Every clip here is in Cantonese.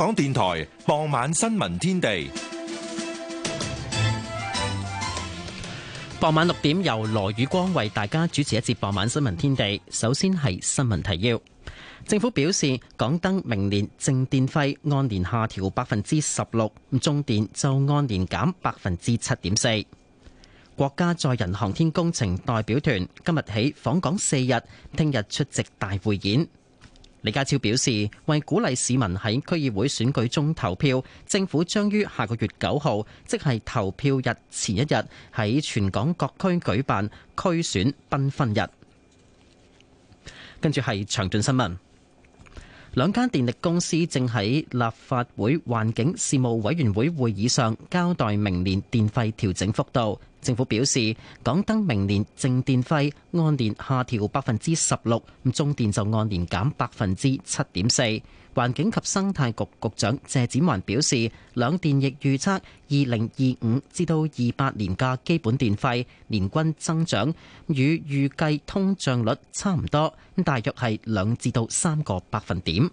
港電台傍晚新聞天地，傍晚六點由羅宇光為大家主持一節傍晚新聞天地。首先係新聞提要，政府表示，港燈明年淨電費按年下調百分之十六，咁中電就按年減百分之七點四。國家載人航天工程代表團今日起訪港四日，聽日出席大會演。李家超表示，為鼓勵市民喺區議會選舉中投票，政府將於下個月九號，即係投票日前一日，喺全港各區舉辦區選繽紛日。跟住係詳盡新聞，兩間電力公司正喺立法會環境事務委員會會議上交代明年電費調整幅度。政府表示，港燈明年淨電費按年下調百分之十六，咁中電就按年減百分之七點四。環境及生態局局長謝展寰表示，兩電亦預測二零二五至到二八年嘅基本電費年均增長，與預計通脹率差唔多，大約係兩至到三個百分點。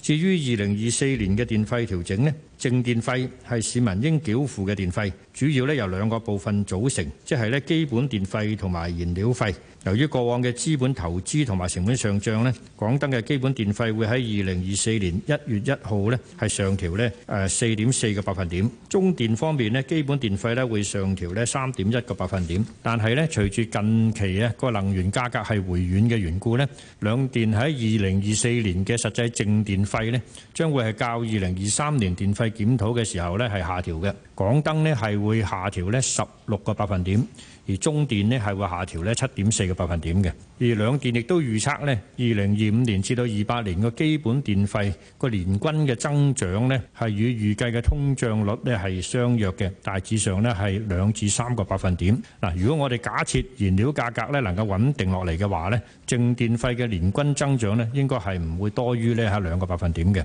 至於二零二四年嘅電費調整呢？淨電費係市民應繳付嘅電費，主要咧由兩個部分組成，即係咧基本電費同埋燃料費。由於過往嘅資本投資同埋成本上漲咧，港燈嘅基本電費會喺二零二四年一月一號咧係上調咧誒四點四個百分點，中電方面咧基本電費咧會上調咧三點一個百分點，但係咧隨住近期咧個能源價格係回軟嘅緣故咧，兩電喺二零二四年嘅實際淨電費咧將會係較二零二三年電費檢討嘅時候呢係下調嘅。廣燈呢係會下調呢十六個百分點，而中電呢係會下調呢七點四個百分點嘅。而兩電亦都預測呢二零二五年至到二八年個基本電費個年均嘅增長呢係與預計嘅通脹率呢係相約嘅，大致上呢係兩至三個百分點。嗱，如果我哋假設燃料價格呢能夠穩定落嚟嘅話呢，蒸電費嘅年均增長呢應該係唔會多於呢嚇兩個百分點嘅。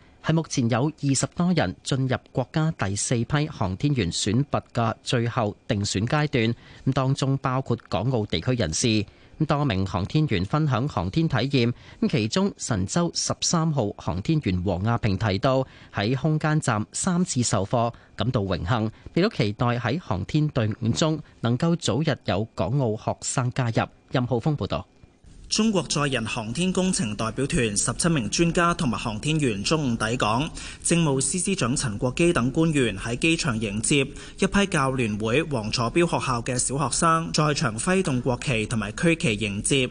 係目前有二十多人進入國家第四批航天員選拔嘅最後定選階段，咁當中包括港澳地區人士。咁多名航天員分享航天體驗，咁其中神舟十三號航天員王亞平提到喺空間站三次授課，感到榮幸，亦都期待喺航天隊伍中能夠早日有港澳學生加入。任浩峯報導。中國載人航天工程代表團十七名專家同埋航天員中午抵港，政務司司長陳國基等官員喺機場迎接一批教聯會黃楚標學校嘅小學生，在場揮動國旗同埋區旗迎接。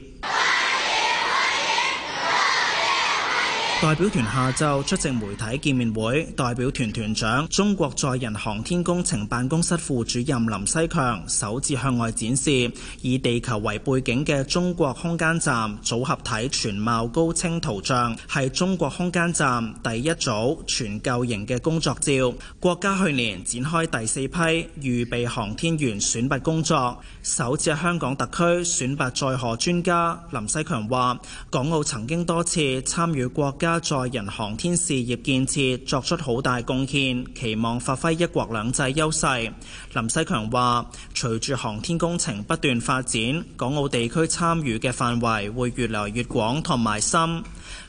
代表團下晝出席媒體見面會，代表團團長中國載人航天工程辦公室副主任林西強首次向外展示以地球為背景嘅中國空間站組合體全貌高清圖像，係中國空間站第一組全構型嘅工作照。國家去年展開第四批預備航天員選拔工作，首次喺香港特區選拔載荷專家。林西強話：港澳曾經多次參與國家。加載人航天事業建設作出好大貢獻，期望發揮一國兩制優勢。林西強話隨住航天工程不斷發展，港澳地區參與嘅範圍會越來越廣同埋深。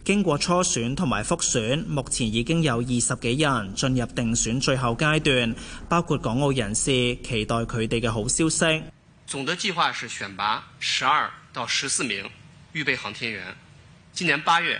經過初選同埋複選，目前已經有二十幾人進入定選最後階段，包括港澳人士，期待佢哋嘅好消息。總的計劃是選拔十二到十四名預備航天員，今年八月。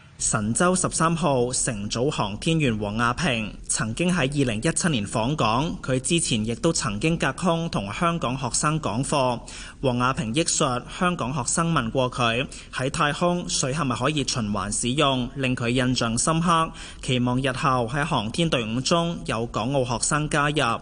神舟十三號乘組航天員王亞平曾經喺二零一七年訪港，佢之前亦都曾經隔空同香港學生講課。王亞平憶述，香港學生問過佢喺太空水係咪可以循環使用，令佢印象深刻。期望日後喺航天隊伍中有港澳學生加入。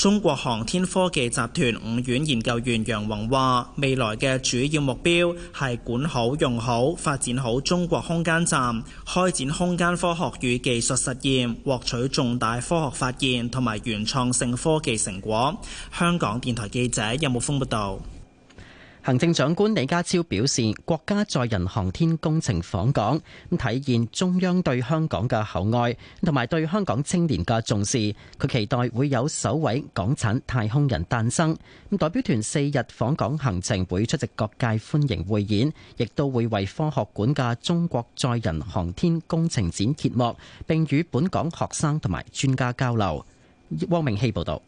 中國航天科技集團五院研究員楊宏話：未來嘅主要目標係管好、用好、發展好中國空間站，開展空間科學與技術實驗，獲取重大科學發現同埋原創性科技成果。香港電台記者任木峯報道。行政長官李家超表示，國家載人航天工程訪港，咁體現中央對香港嘅厚愛，同埋對香港青年嘅重視。佢期待會有首位港產太空人誕生。代表團四日訪港行程會出席各界歡迎會演，亦都會為科學館嘅中國載人航天工程展揭幕，並與本港學生同埋專家交流。汪明希報導。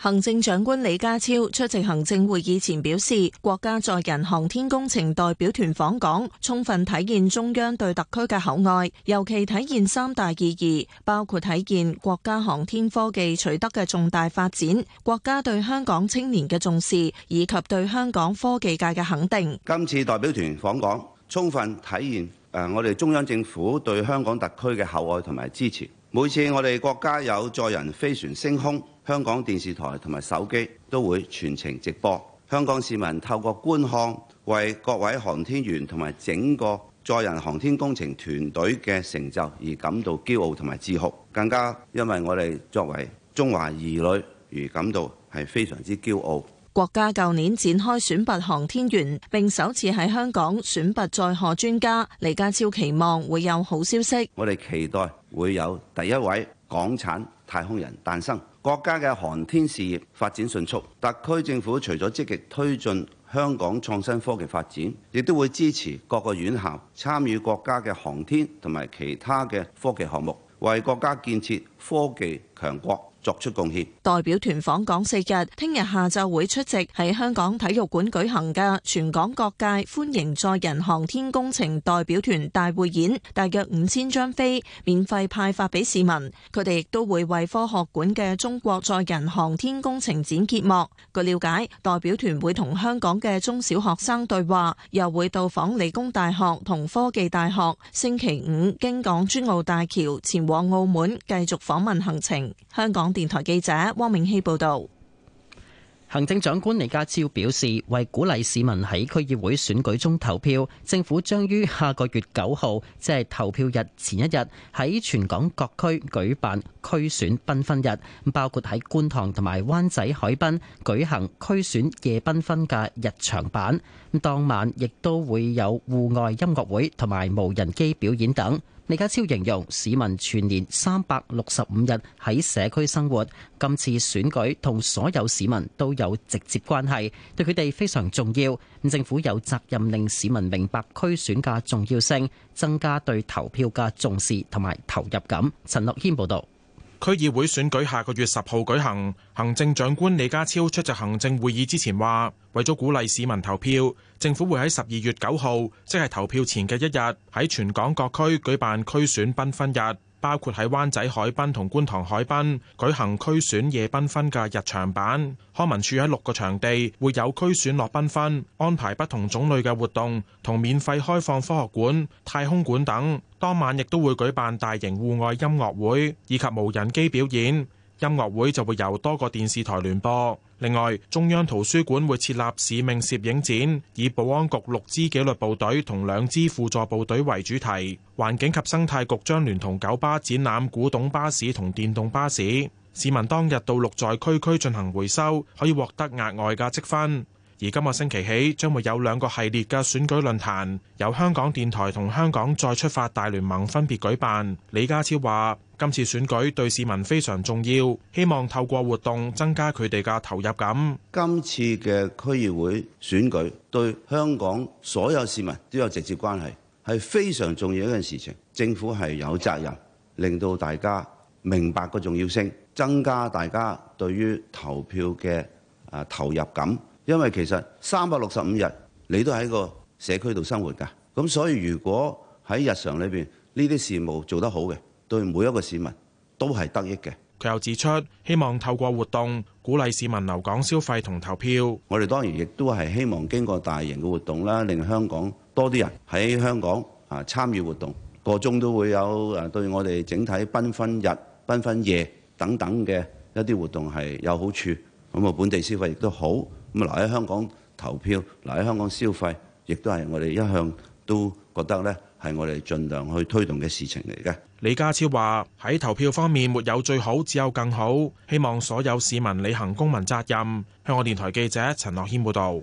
行政長官李家超出席行政會議前表示，國家載人航天工程代表團訪港，充分體現中央對特區嘅厚愛，尤其體現三大意義，包括體現國家航天科技取得嘅重大發展，國家對香港青年嘅重視，以及對香港科技界嘅肯定。今次代表團訪港，充分體現誒我哋中央政府對香港特區嘅厚愛同埋支持。每次我哋國家有載人飛船升空。香港電視台同埋手機都會全程直播，香港市民透過觀看，為各位航天員同埋整個載人航天工程團隊嘅成就而感到驕傲同埋自豪，更加因為我哋作為中華兒女而感到係非常之驕傲。國家舊年展開選拔航天員，並首次喺香港選拔載荷專家。李家超期望會有好消息。我哋期待會有第一位港產太空人誕生。國家嘅航天事業發展迅速，特區政府除咗積極推進香港創新科技發展，亦都會支持各個院校參與國家嘅航天同埋其他嘅科技項目，為國家建設科技強國，作出貢獻。代表團訪港四日，聽日下晝會出席喺香港體育館舉行嘅全港各界歡迎載人航天工程代表團大會演，大約五千張飛免費派發俾市民。佢哋亦都會為科學館嘅中國載人航天工程展揭幕。據了解，代表團會同香港嘅中小學生對話，又會到訪理工大學同科技大學。星期五經港珠澳大橋前往澳門，繼續訪問行程。香港。電台記者汪明熙報道，行政長官李家超表示，為鼓勵市民喺區議會選舉中投票，政府將於下個月九號，即係投票日前一日，喺全港各區舉辦區選繽紛日，咁包括喺觀塘同埋灣仔海濱舉行區選夜繽紛嘅日常版，咁當晚亦都會有戶外音樂會同埋無人機表演等。李家超形容市民全年三百六十五日喺社區生活，今次選舉同所有市民都有直接關係，對佢哋非常重要。政府有責任令市民明白區選嘅重要性，增加對投票嘅重視同埋投入感。陳樂謙報道。區議會選舉下個月十號舉行，行政長官李家超出席行政會議之前話，為咗鼓勵市民投票，政府會喺十二月九號，即係投票前嘅一日，喺全港各區舉辦區選繽紛日。包括喺灣仔海濱同觀塘海濱舉行區選夜繽紛嘅日場版，康文署喺六個場地會有區選落繽紛，安排不同種類嘅活動同免費開放科學館、太空館等。當晚亦都會舉辦大型戶外音樂會以及無人機表演。音樂會就會由多個電視台聯播。另外，中央圖書館會設立使命攝影展，以保安局六支紀律部隊同兩支輔助部隊為主題。環境及生態局將聯同九巴展覽古董巴士同電動巴士。市民當日到綠在區區進行回收，可以獲得額外嘅積分。而今個星期起將會有兩個系列嘅選舉論壇，由香港電台同香港再出發大聯盟分別舉辦。李家超話：今次選舉對市民非常重要，希望透過活動增加佢哋嘅投入感。今次嘅區議會選舉對香港所有市民都有直接關係，係非常重要一件事情。政府係有責任令到大家明白個重要性，增加大家對於投票嘅啊投入感。因為其實三百六十五日，你都喺個社區度生活㗎，咁所以如果喺日常裏邊呢啲事務做得好嘅，對每一個市民都係得益嘅。佢又指出，希望透過活動鼓勵市民留港消費同投票。我哋當然亦都係希望經過大型嘅活動啦，令香港多啲人喺香港啊參與活動。個中都會有誒對我哋整體繽紛日、繽紛夜等等嘅一啲活動係有好處，咁啊本地消費亦都好。咁嚟喺香港投票，嚟喺香港消費，亦都係我哋一向都覺得呢係我哋盡量去推動嘅事情嚟嘅。李家超話：喺投票方面，沒有最好，只有更好。希望所有市民履行公民責任。香港電台記者陳樂軒報導。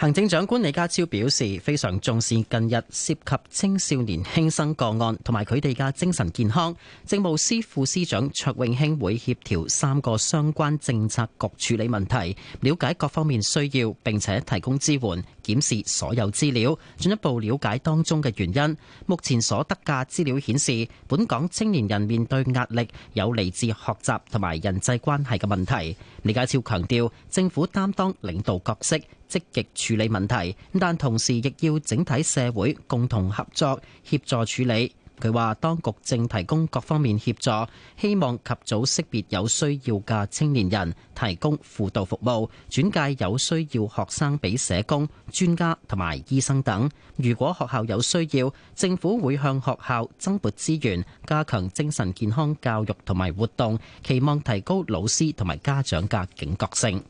行政長官李家超表示非常重視近日涉及青少年輕生個案同埋佢哋嘅精神健康。政務司副司長卓永興會協調三個相關政策局處理問題，了解各方面需要，並且提供支援。檢視所有資料，進一步了解當中嘅原因。目前所得嘅資料顯示，本港青年人面對壓力、有嚟自學習同埋人際關係嘅問題。李家超強調，政府擔當領導角色，積極處理問題，但同時亦要整體社會共同合作協助處理。佢話當局正提供各方面協助，希望及早識別有需要嘅青年人，提供輔導服務，轉介有需要學生俾社工、專家同埋醫生等。如果學校有需要，政府會向學校增撥資源，加強精神健康教育同埋活動，期望提高老師同埋家長嘅警覺性。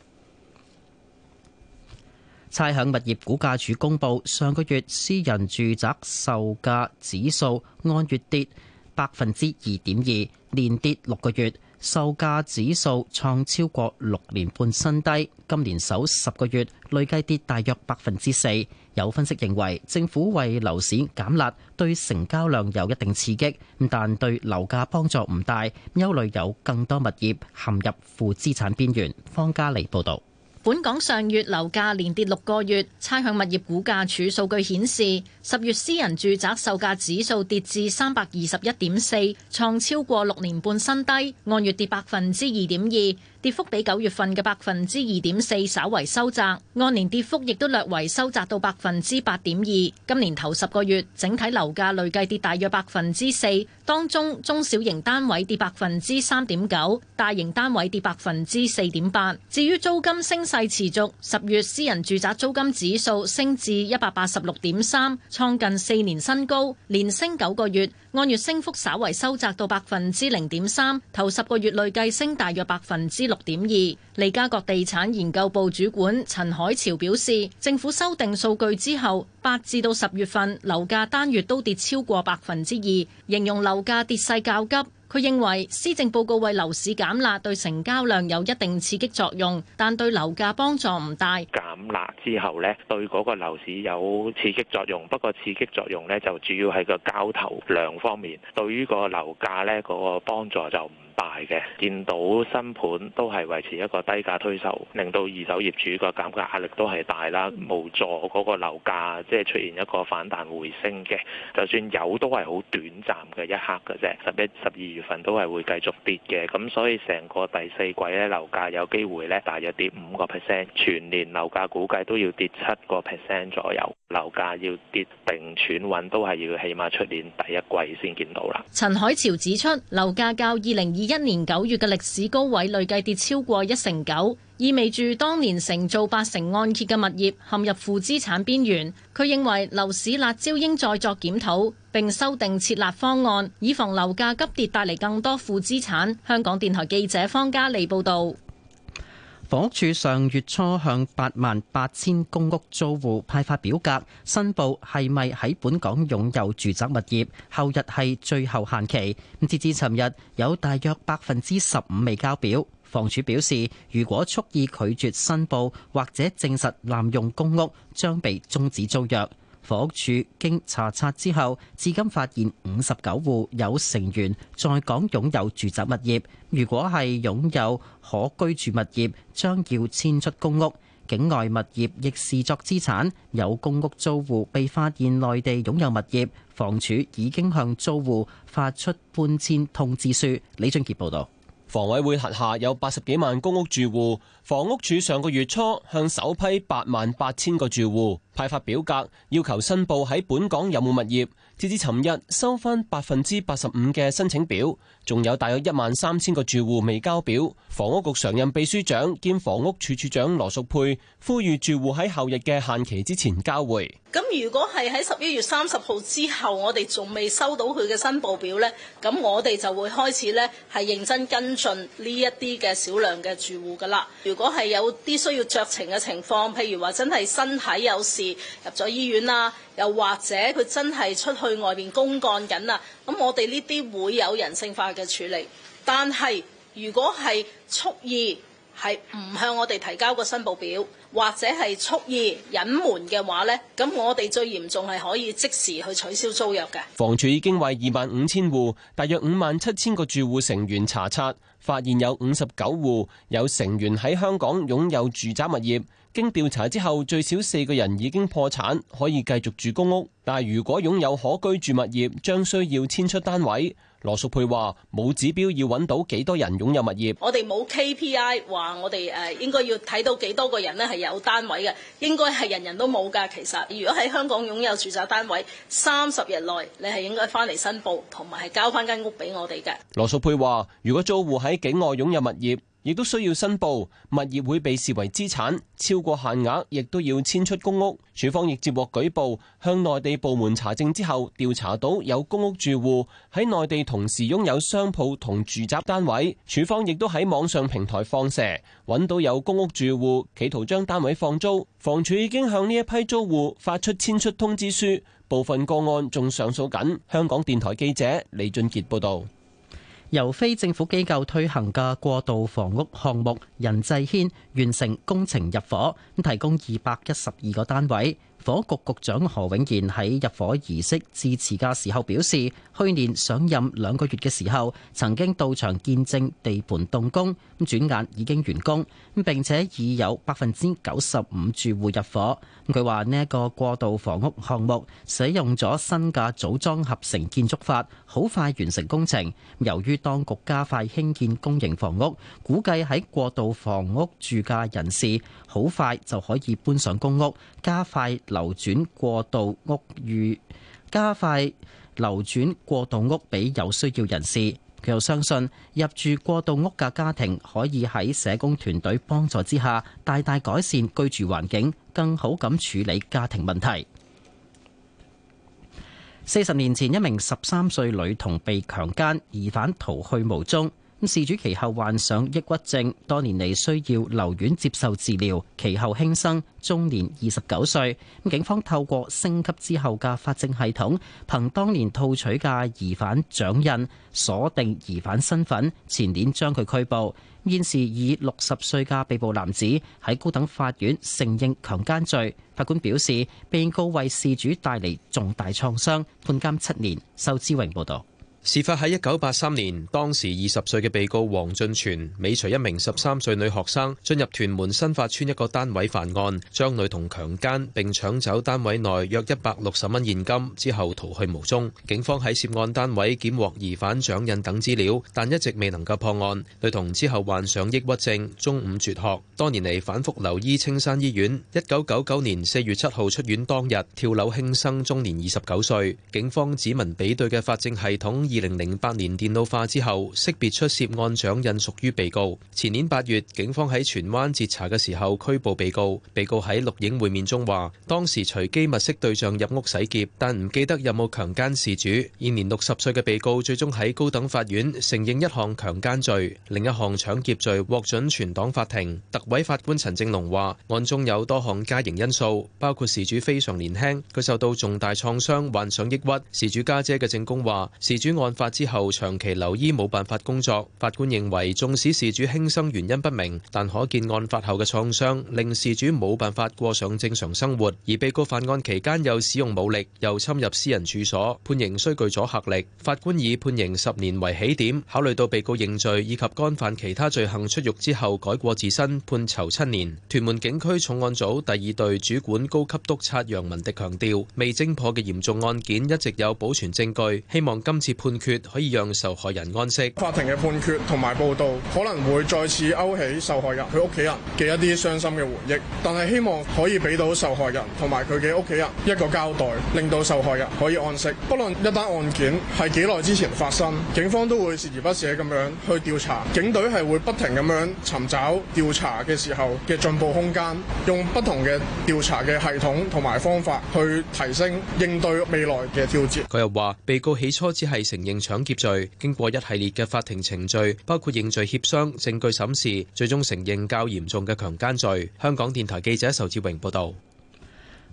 差餉物業估價署公佈上個月私人住宅售價指數按月跌百分之二點二，連跌六個月，售價指數創超過六年半新低，今年首十個月，累計跌大約百分之四。有分析認為政府為樓市減辣，對成交量有一定刺激，但對樓價幫助唔大，憂慮有更多物業陷入負資產邊緣，方家利報道。本港上月樓價連跌六個月，差餉物業估價署數據顯示。十月私人住宅售價指數跌至三百二十一點四，創超過六年半新低，按月跌百分之二點二，跌幅比九月份嘅百分之二點四稍為收窄，按年跌幅亦都略為收窄到百分之八點二。今年頭十個月整體樓價累計跌大約百分之四，當中中小型單位跌百分之三點九，大型單位跌百分之四點八。至於租金升勢持續，十月私人住宅租金指數升至一百八十六點三。創近四年新高，連升九個月，按月升幅稍為收窄到百分之零點三，頭十個月累計升大約百分之六點二。利嘉閣地產研究部主管陳海潮表示，政府修訂數據之後，八至到十月份樓價單月都跌超過百分之二，形容樓價跌勢較急。佢認為施政報告為樓市減辣對成交量有一定刺激作用，但對樓價幫助唔大。減辣之後呢，對嗰個樓市有刺激作用，不過刺激作用呢就主要係個交投量方面，對於個樓價呢，嗰個幫助就唔大嘅，見到新盤都係維持一個低價推售，令到二手業主個減價壓力都係大啦，無助嗰個樓價即係出現一個反彈回升嘅。就算有都係好短暫嘅一刻嘅啫，十一、十二月份都係會繼續跌嘅。咁所以成個第四季咧，樓價有機會咧大約跌五個 percent，全年樓價估計都要跌七個 percent 左右。樓價要跌定喘穩都係要起碼出年第一季先見到啦。陳海潮指出，樓價較二零二一年九月嘅歷史高位累計跌超過一成九，意味住當年承造八成按揭嘅物業陷入負資產邊緣。佢認為樓市辣招應再作檢討並修訂設立方案，以防樓價急跌帶嚟更多負資產。香港電台記者方嘉利報導。房屋署上月初向八萬八千公屋租戶派發表格，申報係咪喺本港擁有住宅物業。後日係最後限期，截至尋日有大約百分之十五未交表。房署表示，如果蓄意拒絕申報或者證實濫用公屋，將被終止租約。房屋署經查察之後，至今發現五十九戶有成員在港擁有住宅物業。如果係擁有可居住物業，將要遷出公屋；境外物業亦視作資產。有公屋租戶被發現內地擁有物業，房署已經向租戶發出搬遷通知書。李俊傑報導，房委會轄下有八十幾萬公屋住戶，房屋署上個月初向首批八萬八千個住戶派發表格要求申報喺本港有冇物業，截至尋日收翻百分之八十五嘅申請表，仲有大約一萬三千個住戶未交表。房屋局常任秘書長兼房屋處處長羅淑佩呼籲住戶喺後日嘅限期之前交回。咁如果係喺十一月三十號之後，我哋仲未收到佢嘅申報表呢，咁我哋就會開始呢係認真跟進呢一啲嘅少量嘅住戶噶啦。如果係有啲需要酌情嘅情況，譬如話真係身體有事。入咗醫院啦，又或者佢真係出去外面公幹緊啦。咁我哋呢啲會有人性化嘅處理，但係如果係蓄意係唔向我哋提交個申報表，或者係蓄意隱瞞嘅話呢，咁我哋最嚴重係可以即時去取消租約嘅。房署已經為二萬五千戶，大約五萬七千個住戶成員查冊。發現有五十九戶有成員喺香港擁有住宅物業，經調查之後，最少四個人已經破產，可以繼續住公屋。但如果擁有可居住物業，將需要遷出單位。羅淑佩話：冇指標要揾到幾多人擁有物業，我哋冇 KPI 話我哋誒應該要睇到幾多個人咧係有單位嘅，應該係人人都冇噶。其實如果喺香港擁有住宅單位，三十日內你係應該翻嚟申報，同埋係交翻間屋俾我哋嘅。羅淑佩話：如果租戶喺境外擁有物業。亦都需要申報，物業會被視為資產，超過限額亦都要遷出公屋。署方亦接獲舉報，向內地部門查證之後，調查到有公屋住戶喺內地同時擁有商鋪同住宅單位。署方亦都喺網上平台放蛇，揾到有公屋住戶企圖將單位放租，房署已經向呢一批租戶發出遷出通知書，部分個案仲上訴緊。香港電台記者李俊杰報道。由非政府機構推行嘅過渡房屋項目仁濟軒完成工程入伙，提供二百一十二個單位。火局局長何永賢喺入伙儀式致辭嘅時候表示，去年上任兩個月嘅時候，曾經到場見證地盤動工，咁轉眼已經完工，並且已有百分之九十五住戶入伙。佢話呢一個過渡房屋項目使用咗新嘅組裝合成建築法，好快完成工程。由於當局加快興建公營房屋，估計喺過渡房屋住嘅人士好快就可以搬上公屋，加快。流轉過渡屋，如加快流轉過渡屋俾有需要人士。佢又相信，入住過渡屋嘅家庭可以喺社工團隊幫助之下，大大改善居住環境，更好咁處理家庭問題。四十年前，一名十三歲女童被強姦，疑犯逃去無蹤。事主其後患上抑鬱症，多年嚟需要留院接受治療。其後輕生，終年二十九歲。警方透過升級之後嘅法證系統，憑當年套取嘅疑犯掌印鎖定疑犯身份，前年將佢拘捕。現時以六十歲嘅被捕男子喺高等法院承認強姦罪，法官表示被告為事主帶嚟重大創傷，判監七年。仇志榮報道。事發喺一九八三年，當時二十歲嘅被告黃俊全尾隨一名十三歲女學生進入屯門新發村一個單位犯案，將女童強奸並搶走單位內約一百六十蚊現金之後逃去無蹤。警方喺涉案單位檢獲疑犯掌印等資料，但一直未能夠破案。女童之後患上抑鬱症，中午輟學，多年嚟，反復留醫青山醫院。一九九九年四月七號出院當日跳樓輕生，終年二十九歲。警方指紋比對嘅法證系統。二零零八年電腦化之後，識別出涉案掌印屬於被告。前年八月，警方喺荃灣截查嘅時候拘捕被告。被告喺錄影會面中話：當時隨機物色對象入屋洗劫，但唔記得有冇強姦事主。現年六十歲嘅被告最終喺高等法院承認一項強姦罪，另一項搶劫罪獲准全黨法庭。特委法官陳正龍話：案中有多項加刑因素，包括事主非常年輕，佢受到重大創傷，患上抑鬱。事主家姐嘅證供話：事主。案發之後長期留醫冇辦法工作，法官認為縱使事主輕生原因不明，但可見案發後嘅創傷令事主冇辦法過上正常生活，而被告犯案期間又使用武力又侵入私人住所，判刑需具阻嚇力，法官以判刑十年為起點，考慮到被告認罪以及干犯其他罪行出獄之後改過自身，判囚七年。屯門警區重案組第二隊主管高級督察楊文迪強調，未偵破嘅嚴重案件一直有保存證據，希望今次判。判決可以讓受害人安息。法庭嘅判決同埋報導可能會再次勾起受害人佢屋企人嘅一啲傷心嘅回憶，但係希望可以俾到受害人同埋佢嘅屋企人一個交代，令到受害人可以安息。不論一單案件係幾耐之前發生，警方都會鍥而不捨咁樣去調查，警隊係會不停咁樣尋找調查嘅時候嘅進步空間，用不同嘅調查嘅系統同埋方法去提升應對未來嘅挑戰。佢又話：被告起初只係承認搶劫罪，經過一系列嘅法庭程序，包括認罪協商、證據審視，最終承認較嚴重嘅強姦罪。香港電台記者仇志榮報道。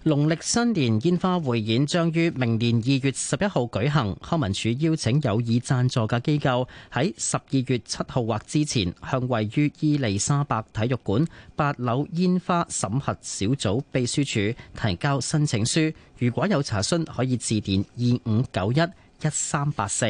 農曆新年煙花匯演將於明年二月十一號舉行，康文署邀請有意贊助嘅機構喺十二月七號或之前，向位於伊利沙伯體育館八樓煙花審核小組秘書處提交申請書。如果有查詢，可以致電二五九一一三八四，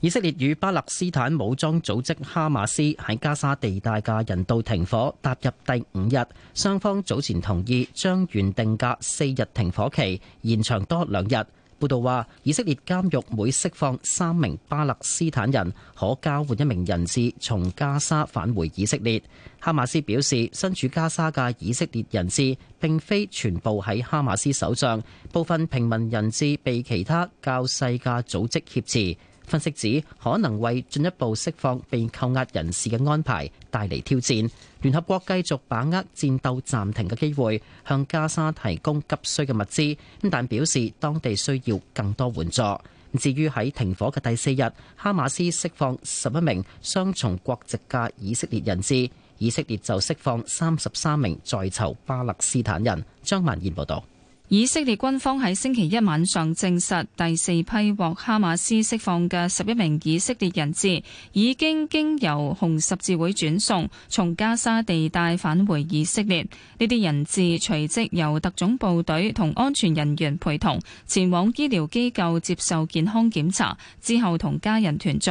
以色列與巴勒斯坦武裝組織哈馬斯喺加沙地帶嘅人道停火踏入第五日，雙方早前同意將原定嘅四日停火期延長多兩日。報道話，以色列監獄每釋放三名巴勒斯坦人，可交換一名人質從加沙返回以色列。哈馬斯表示，身處加沙嘅以色列人質並非全部喺哈馬斯手上，部分平民人質被其他較細嘅組織挾持。分析指，可能為進一步釋放被扣押人士嘅安排帶嚟挑戰。聯合國繼續把握戰鬥暫停嘅機會向加沙提供急需嘅物資，但表示當地需要更多援助。至於喺停火嘅第四日，哈馬斯釋放十一名雙重國籍嘅以色列人士，以色列就釋放三十三名在囚巴勒斯坦人。張曼燕報道。以色列軍方喺星期一晚上證實，第四批獲哈馬斯釋放嘅十一名以色列人質已經經由紅十字會轉送，從加沙地帶返回以色列。呢啲人質隨即由特種部隊同安全人員陪同前往醫療機構接受健康檢查，之後同家人團聚。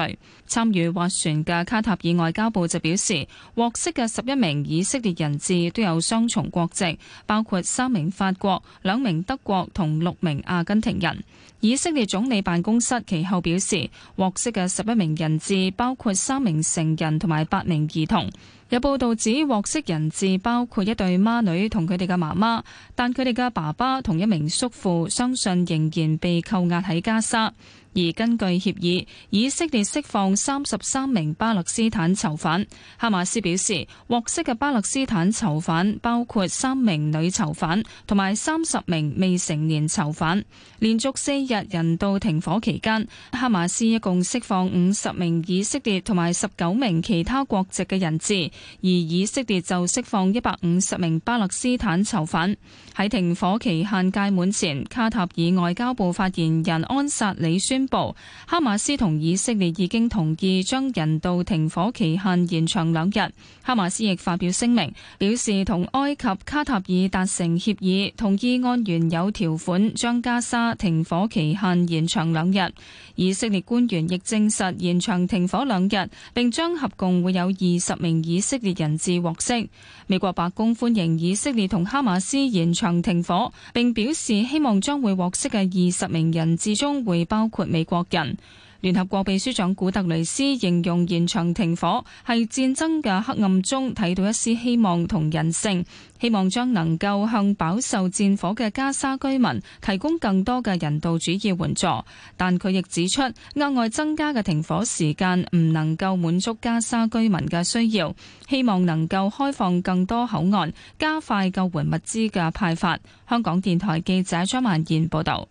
參與斡旋嘅卡塔爾外交部就表示，獲釋嘅十一名以色列人質都有雙重國籍，包括三名法國、兩名、德國同六名阿根廷人，以色列總理辦公室其後表示，獲釋嘅十一名人質包括三名成人同埋八名兒童。有報道指獲釋人質包括一對孖女同佢哋嘅媽媽，但佢哋嘅爸爸同一名叔父相信仍然被扣押喺加沙。而根據協議，以色列釋放三十三名巴勒斯坦囚犯。哈馬斯表示獲釋嘅巴勒斯坦囚犯包括三名女囚犯同埋三十名未成年囚犯。連續四日人道停火期間，哈馬斯一共釋放五十名以色列同埋十九名其他國籍嘅人質，而以色列就釋放一百五十名巴勒斯坦囚犯。喺停火期限屆滿前，卡塔爾外交部發言人安薩里宣。宣布，哈馬斯同以色列已經同意將人道停火期限延長兩日。哈馬斯亦發表聲明，表示同埃及、卡塔爾達成協議，同意按原有條款將加沙停火期限延長兩日。以色列官員亦證實延長停火兩日，並將合共會有二十名以色列人質獲釋。美國白宮歡迎以色列同哈馬斯延長停火，並表示希望將會獲釋嘅二十名人質中會包括美國人。聯合國秘書長古特雷斯形容延長停火係戰爭嘅黑暗中睇到一絲希望同人性，希望將能夠向飽受戰火嘅加沙居民提供更多嘅人道主義援助。但佢亦指出，額外增加嘅停火時間唔能夠滿足加沙居民嘅需要，希望能夠開放更多口岸，加快救援物資嘅派發。香港電台記者張萬燕報道。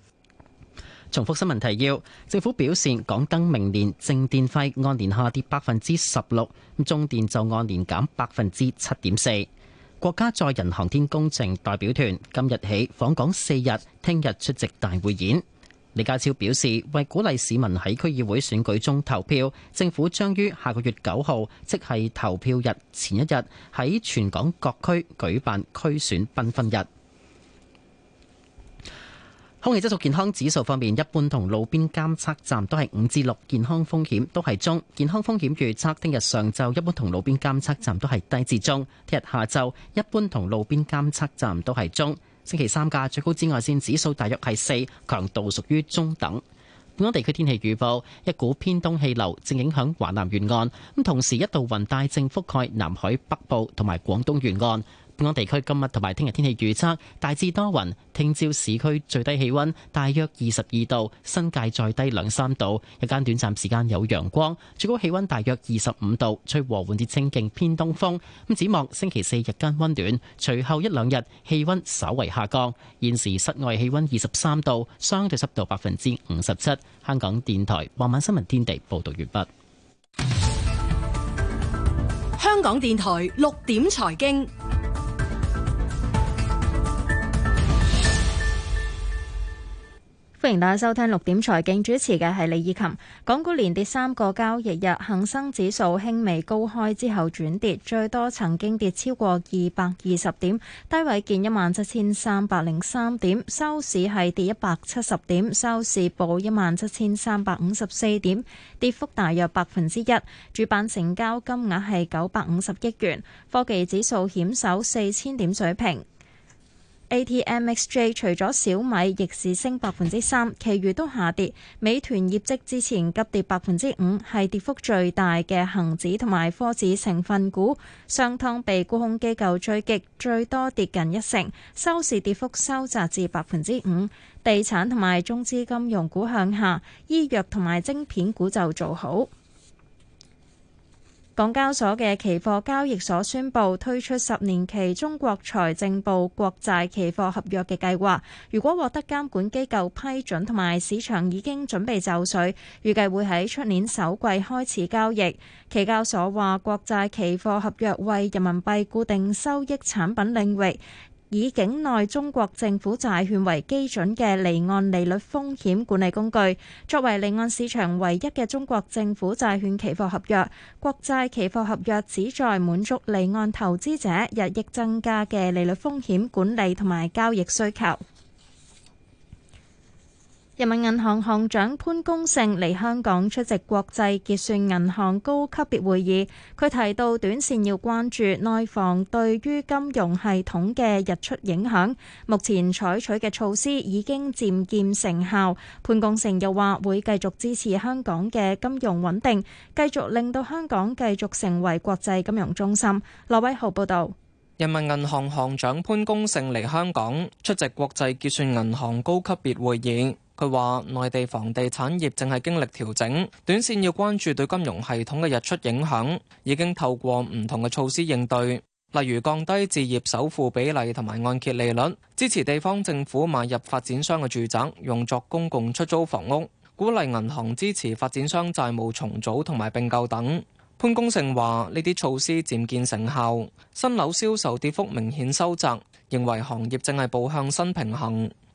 重複新聞提要：政府表示，港燈明年淨電費按年下跌百分之十六，中電就按年減百分之七點四。國家載人航天工程代表團今日起訪港四日，聽日出席大會演。李家超表示，為鼓勵市民喺區議會選舉中投票，政府將於下個月九號，即係投票日前一日，喺全港各區舉辦區選繽紛日。空氣質素健康指數方面，一般同路邊監測站都係五至六，健康風險都係中。健康風險預測聽日上晝一般同路邊監測站都係低至中，聽日下晝一般同路邊監測站都係中。星期三嘅最高紫外線指數大約係四，強度屬於中等。本港地區天氣預報，一股偏東氣流正影響華南沿岸，咁同時一道雲帶正覆蓋南海北部同埋廣東沿岸。本港地區今日同埋聽日天氣預測大致多雲，聽朝市區最低氣温大約二十二度，新界再低兩三度，日間短暫時有間短暫時間有陽光，最高氣温大約二十五度，吹和緩至清勁偏東風。咁展望星期四日間温暖，隨後一兩日氣温稍為下降。現時室外氣温二十三度，相對濕度百分之五十七。香港電台傍晚新聞天地報道完畢。香港電台六點財經。歡迎大家收聽六點財經，主持嘅係李以琴。港股連跌三個交易日，恒生指數輕微高開之後轉跌，最多曾經跌超過二百二十點，低位見一萬七千三百零三點，收市係跌一百七十點，收市報一萬七千三百五十四點，跌幅大約百分之一。主板成交金額係九百五十億元，科技指數險守四千點水平。A.T.M.X.J. 除咗小米逆市升百分之三，其餘都下跌。美團業績之前急跌百分之五，係跌幅最大嘅恒指同埋科指成分股。商湯被沽空機構追擊，最多跌近一成，收市跌幅收窄至百分之五。地產同埋中資金融股向下，醫藥同埋晶片股就做好。港交所嘅期貨交易所宣布推出十年期中國財政部國債期貨合約嘅計劃，如果獲得監管機構批准同埋市場已經準備就緒，預計會喺出年首季開始交易。其說期交所話：國債期貨合約為人民幣固定收益產品領域，以境內中國政府債券為基準嘅離岸利率風險管理工具，作為離岸市場唯一嘅中國政府債券期貨合約，國債期貨合約旨在滿足離岸投資者日益增加嘅利率風險管理同埋交易需求。人民銀行行長潘功勝嚟香港出席國際結算銀行高級別會議。佢提到，短線要關注內房對於金融系統嘅日出影響。目前採取嘅措施已經漸見成效。潘功勝又話會繼續支持香港嘅金融穩定，繼續令到香港繼續成為國際金融中心。羅偉豪報導。人民銀行行長潘功勝嚟香港出席國際結算銀行高級別會議。佢話：內地房地產業正係經歷調整，短線要關注對金融系統嘅日出影響，已經透過唔同嘅措施應對，例如降低置業首付比例同埋按揭利率，支持地方政府買入發展商嘅住宅用作公共出租房屋，鼓勵銀行支持發展商債務重組同埋並購等。潘功勝話：呢啲措施漸見成效，新樓銷售跌幅明顯收窄，認為行業正係步向新平衡。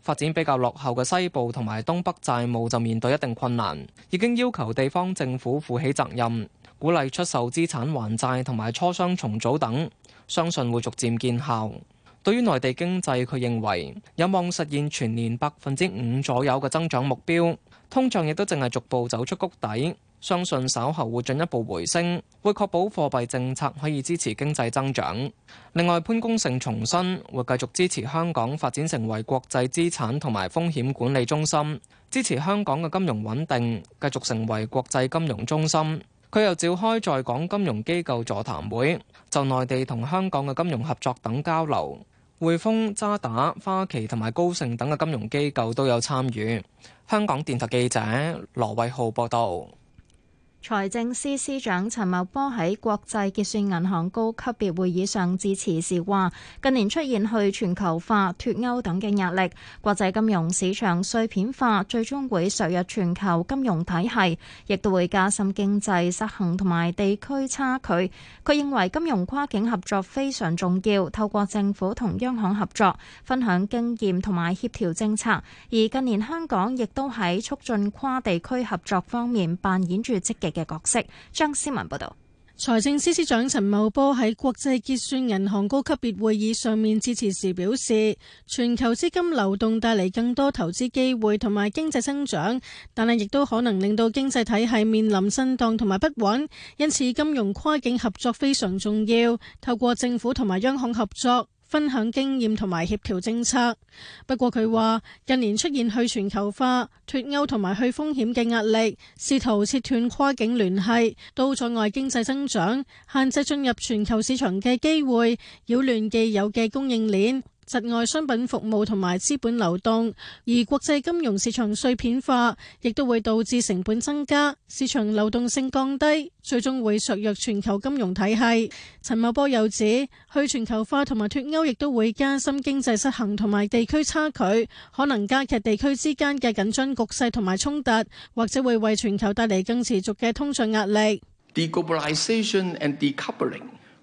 發展比較落後嘅西部同埋東北債務就面對一定困難，已經要求地方政府負起責任，鼓勵出售資產還債同埋磋商重組等，相信會逐漸見效。對於內地經濟，佢認為有望實現全年百分之五左右嘅增長目標，通脹亦都淨係逐步走出谷底。相信稍後會進一步回升，會確保貨幣政策可以支持經濟增長，另外，潘功勝重申會繼續支持香港發展成為國際資產同埋風險管理中心，支持香港嘅金融穩定，繼續成為國際金融中心。佢又召開在港金融機構座談會，就內地同香港嘅金融合作等交流。匯豐、渣打、花旗同埋高盛等嘅金融機構都有參與，香港電台記者羅偉浩報道。財政司司長陳茂波喺國際結算銀行高級別會議上致辭時話：近年出現去全球化、脱歐等嘅壓力，國際金融市場碎片化，最終會削弱全球金融體系，亦都會加深經濟失衡同埋地區差距。佢認為金融跨境合作非常重要，透過政府同央行合作，分享經驗同埋協調政策。而近年香港亦都喺促進跨地區合作方面扮演住積極嘅角色，張思文報道。財政司司長陳茂波喺國際結算銀行高級別會議上面致辭時表示，全球資金流動帶嚟更多投資機會同埋經濟增長，但係亦都可能令到經濟體系面臨震盪同埋不穩，因此金融跨境合作非常重要，透過政府同埋央行合作。分享經驗同埋協調政策，不過佢話近年出現去全球化、脫歐同埋去風險嘅壓力，試圖切斷跨境聯繫，到阻礙經濟增長、限制進入全球市場嘅機會、擾亂既有嘅供應鏈。實外商品服務同埋資本流動，而國際金融市場碎片化，亦都會導致成本增加、市場流動性降低，最終會削弱全球金融體系。陳茂波又指，去全球化同埋脱歐亦都會加深經濟失衡同埋地區差距，可能加劇地區之間嘅緊張局勢同埋衝突，或者會為全球帶嚟更持續嘅通脹壓力。De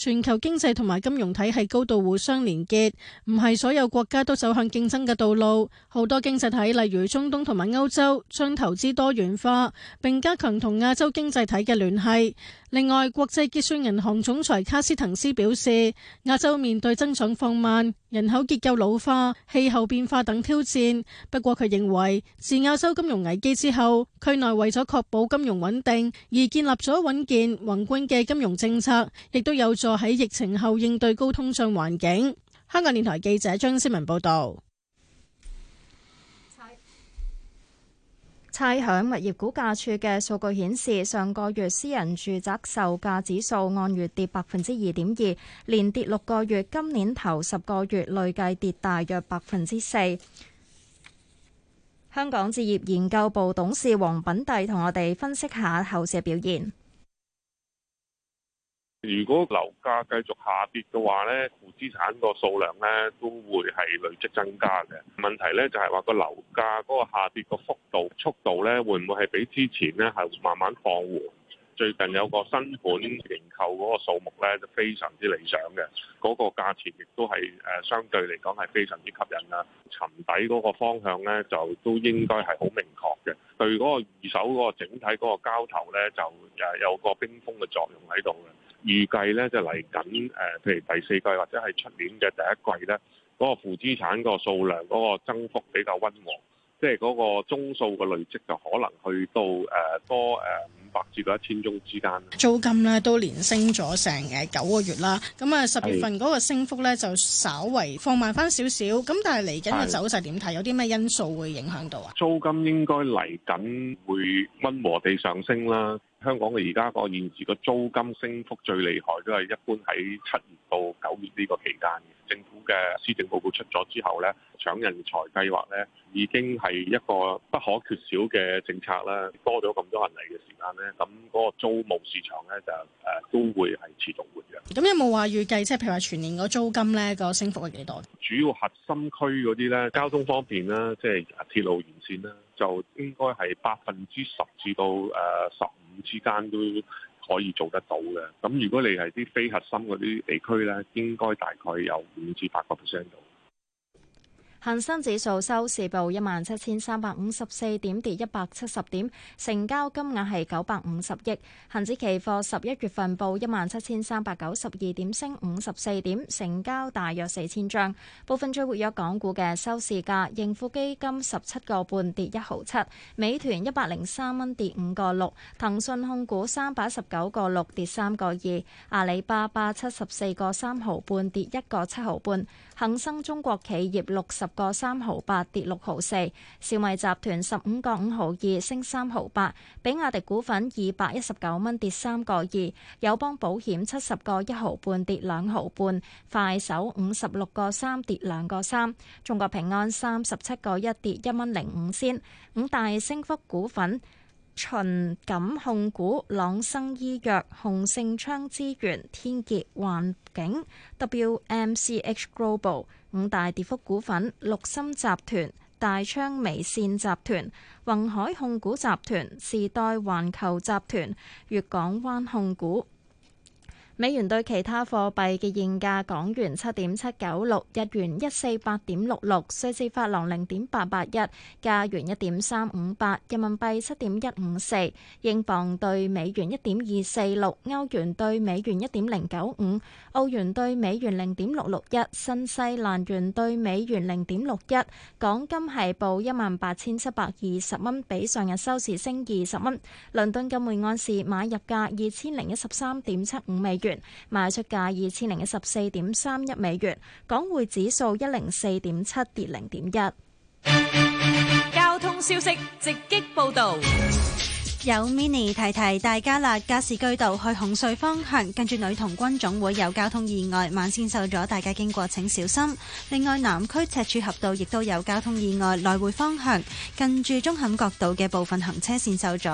全球經濟同埋金融體系高度互相連結，唔係所有國家都走向競爭嘅道路。好多經濟體，例如中東同埋歐洲，將投資多元化，並加強同亞洲經濟體嘅聯繫。另外，國際結算銀行總裁卡斯滕斯表示，亞洲面對增長放慢、人口結構老化、氣候變化等挑戰。不過，佢認為自亞洲金融危機之後，區內為咗確保金融穩定而建立咗穩健宏觀嘅金融政策，亦都有個喺疫情後應對高通脹環境，香港電台記者張思文報道。差響物業估價署嘅數據顯示，上個月私人住宅售價指數按月跌百分之二點二，連跌六個月。今年頭十個月累計跌大約百分之四。香港置業研究部董事王品弟同我哋分析下後市表現。如果樓價繼續下跌嘅話呢，負資產個數量呢都會係累積增加嘅。問題呢就係話個樓價嗰個下跌個幅度、速度呢會唔會係比之前呢係慢慢放緩？最近有個新盤認購嗰個數目呢，就非常之理想嘅，嗰個價錢亦都係誒相對嚟講係非常之吸引啊。沉底嗰個方向呢，就都應該係好明確嘅。對嗰個二手嗰個整體嗰個交投呢，就誒有個冰封嘅作用喺度嘅。預計咧就嚟緊誒，譬如第四季或者係出年嘅第一季咧，嗰、嗰個負資產個數量嗰個增幅比較溫和，即係嗰個宗數嘅累積就可能去到誒、呃、多誒五百至到一千宗之間。租金咧都連升咗成誒九個月啦，咁啊十月份嗰個升幅咧就稍微放慢翻少少，咁但係嚟緊嘅走勢點睇？有啲咩因素會影響到啊？租金應該嚟緊會溫和地上升啦。香港嘅而家個現時個租金升幅最厲害，都係一般喺七月到九月呢個期間嘅。政府嘅施政報告出咗之後咧，搶人才計劃咧已經係一個不可缺少嘅政策啦。多咗咁多人嚟嘅時間咧，咁嗰個租務市場咧就誒都會係持續活躍。咁有冇話預計，即係譬如話全年個租金咧個升幅係幾多？主要核心區嗰啲咧，交通方便啦，即係鐵路沿線啦。就應該係百分之十至到誒十五之間都可以做得到嘅。咁如果你係啲非核心嗰啲地區咧，應該大概有五至八個 percent 到。恒生指數收市報一萬七千三百五十四點，跌一百七十點，成交金額係九百五十億。恒指期貨十一月份報一萬七千三百九十二點，升五十四點，成交大約四千張。部分最活躍港股嘅收市價：盈富基金十七個半跌一毫七，美團一百零三蚊跌五個六，騰訊控股三百十九個六跌三個二，阿里巴巴七十四個三毫半跌一個七毫半，恒生中國企業六十。個三毫八跌六毫四，小米集團十五個五毫二升三毫八，比亞迪股份二百一十九蚊跌三個二，友邦保險七十個一毫半跌兩毫半，快手五十六個三跌兩個三，中國平安三十七個一跌一蚊零五仙，五大升幅股份。秦錦控股、朗生醫藥、雄盛昌資源、天杰環境、WMCH Global 五大跌幅股份，綠心集團、大昌微線集團、宏海控股集團、時代環球集團、粵港灣控股。美元對其他貨幣嘅現價：港元七點七九六，日元一四八點六六，瑞士法郎零點八八一，加元一點三五八，人民幣七點一五四，英鎊對美元一點二四六，歐元對美元一點零九五，澳元對美元零點六六一，新西蘭元對美元零點六一。港金係報一萬八千七百二十蚊，比上日收市升二十蚊。倫敦嘅每盎司買入價二千零一十三點七五美元。賣出價二千零一十四點三一美元，港匯指數一零四點七跌零點一。交通消息，直擊報道。有 mini 提提大家啦，加士居道去紅隧方向，近住女童軍總會有交通意外，慢線受阻，大家經過請小心。另外南區赤柱峽道亦都有交通意外，來回方向近住中肯角道嘅部分行車線受阻，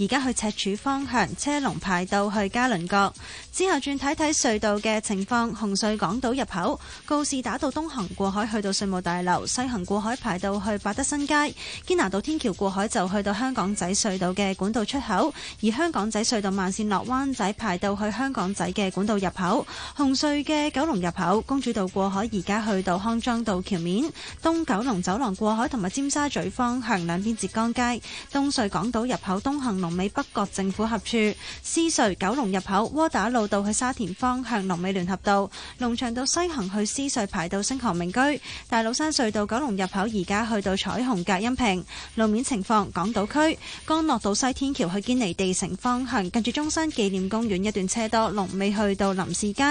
而家去赤柱方向車龍排到去加倫角。之後轉睇睇隧道嘅情況，紅隧港島入口告士打道東行過海去到稅務大樓，西行過海排到去百德新街，堅拿道天橋過海就去到香港仔隧道嘅管管道出口，而香港仔隧道慢綫落灣仔排到去香港仔嘅管道入口；紅隧嘅九龍入口，公主道過海而家去到康莊道橋面；東九龍走廊過海同埋尖沙咀方向兩邊浙江街；東隧港島入口東行龍尾北角政府合處；獅隧九龍入口窩打老道去沙田方向龍尾聯合道；龍翔道西行去獅隧排到星河名居；大老山隧道九龍入口而家去到彩虹隔音屏路面情況，港島區，江樂道西天橋去堅尼地城方向，近住中山紀念公園一段車多，龍尾去到林士街；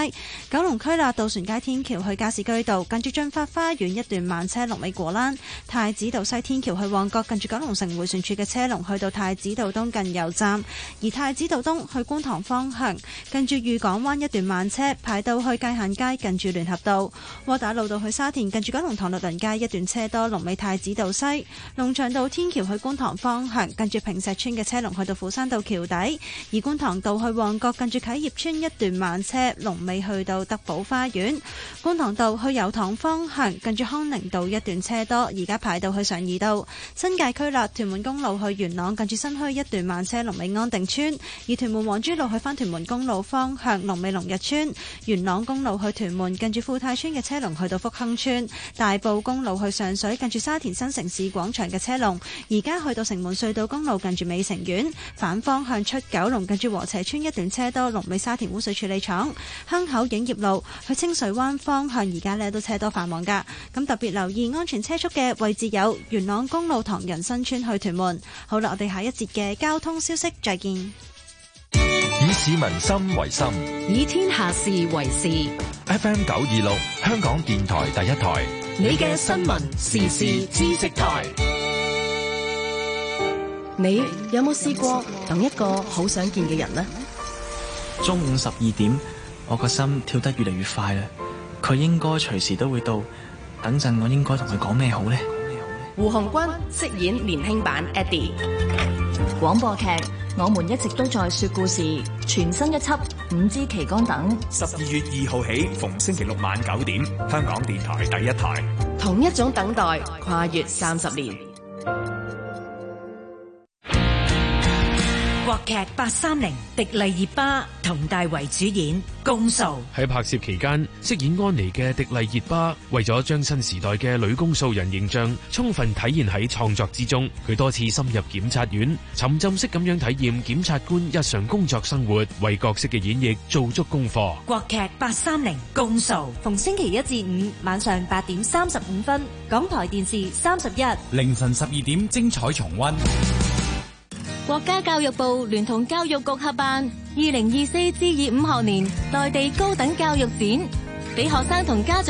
九龍區立渡船街天橋去加士居道，近住駿發花園一段慢車龍尾果欄；太子道西天橋去旺角，近住九龍城回旋處嘅車龍去到太子道東近油站；而太子道東去觀塘方向，近住御港灣一段慢車排到去界限街近住聯合道；窩打老道去沙田，近住九龍塘樂頓街一段車多，龍尾太子道西；龍翔道天橋去觀塘方向，近住坪石村嘅車。車龍去到斧山道橋底，而觀塘道去旺角，近住啟業村一段慢車龍尾去到德寶花園。觀塘道去油塘方向，近住康寧道一段車多，而家排到去上怡道。新界區啦，屯門公路去元朗，近住新墟一段慢車龍尾安定村，而屯門皇珠路去翻屯門公路方向龍尾龍日村。元朗公路去屯門，近住富泰村嘅車龍去到福亨村。大埔公路去上水，近住沙田新城市廣場嘅車龍，而家去到城門隧道公路，近住美城。遠反方向出九龍近住禾輋村一段車多，龍尾沙田污水處理廠。坑口影業路去清水灣方向而家咧都車多繁忙噶，咁特別留意安全車速嘅位置有元朗公路唐人新村去屯門。好啦，我哋下一節嘅交通消息再見。以市民心為心，以天下事為事。FM 九二六，香港電台第一台，你嘅新聞時事知識台。你有冇試過同一個好想見嘅人呢？中午十二點，我個心跳得越嚟越快啦。佢應該隨時都會到。等陣我應該同佢講咩好呢？胡鴻鈞飾演年輕版 Eddie。廣播劇《我們一直都在說故事》全新一輯《五支旗杆》等。十二月二號起，逢星期六晚九點，香港電台第一台。同一種等待，跨越三十年。國劇八三零，迪麗熱巴佟大為主演《公訴》在攝。喺拍攝期間，飾演安妮嘅迪麗熱巴為咗將新時代嘅女公訴人形象充分體現喺創作之中，佢多次深入檢察院，沉浸式咁樣體驗檢察官日常工作生活，為角色嘅演繹做足功課。國劇八三零《公訴》，逢星期一至五晚上八點三十五分，港台電視三十一，凌晨十二點精彩重溫。國家教育部聯同教育局合辦二零二四至二五學年內地高等教育展，俾學生同家長。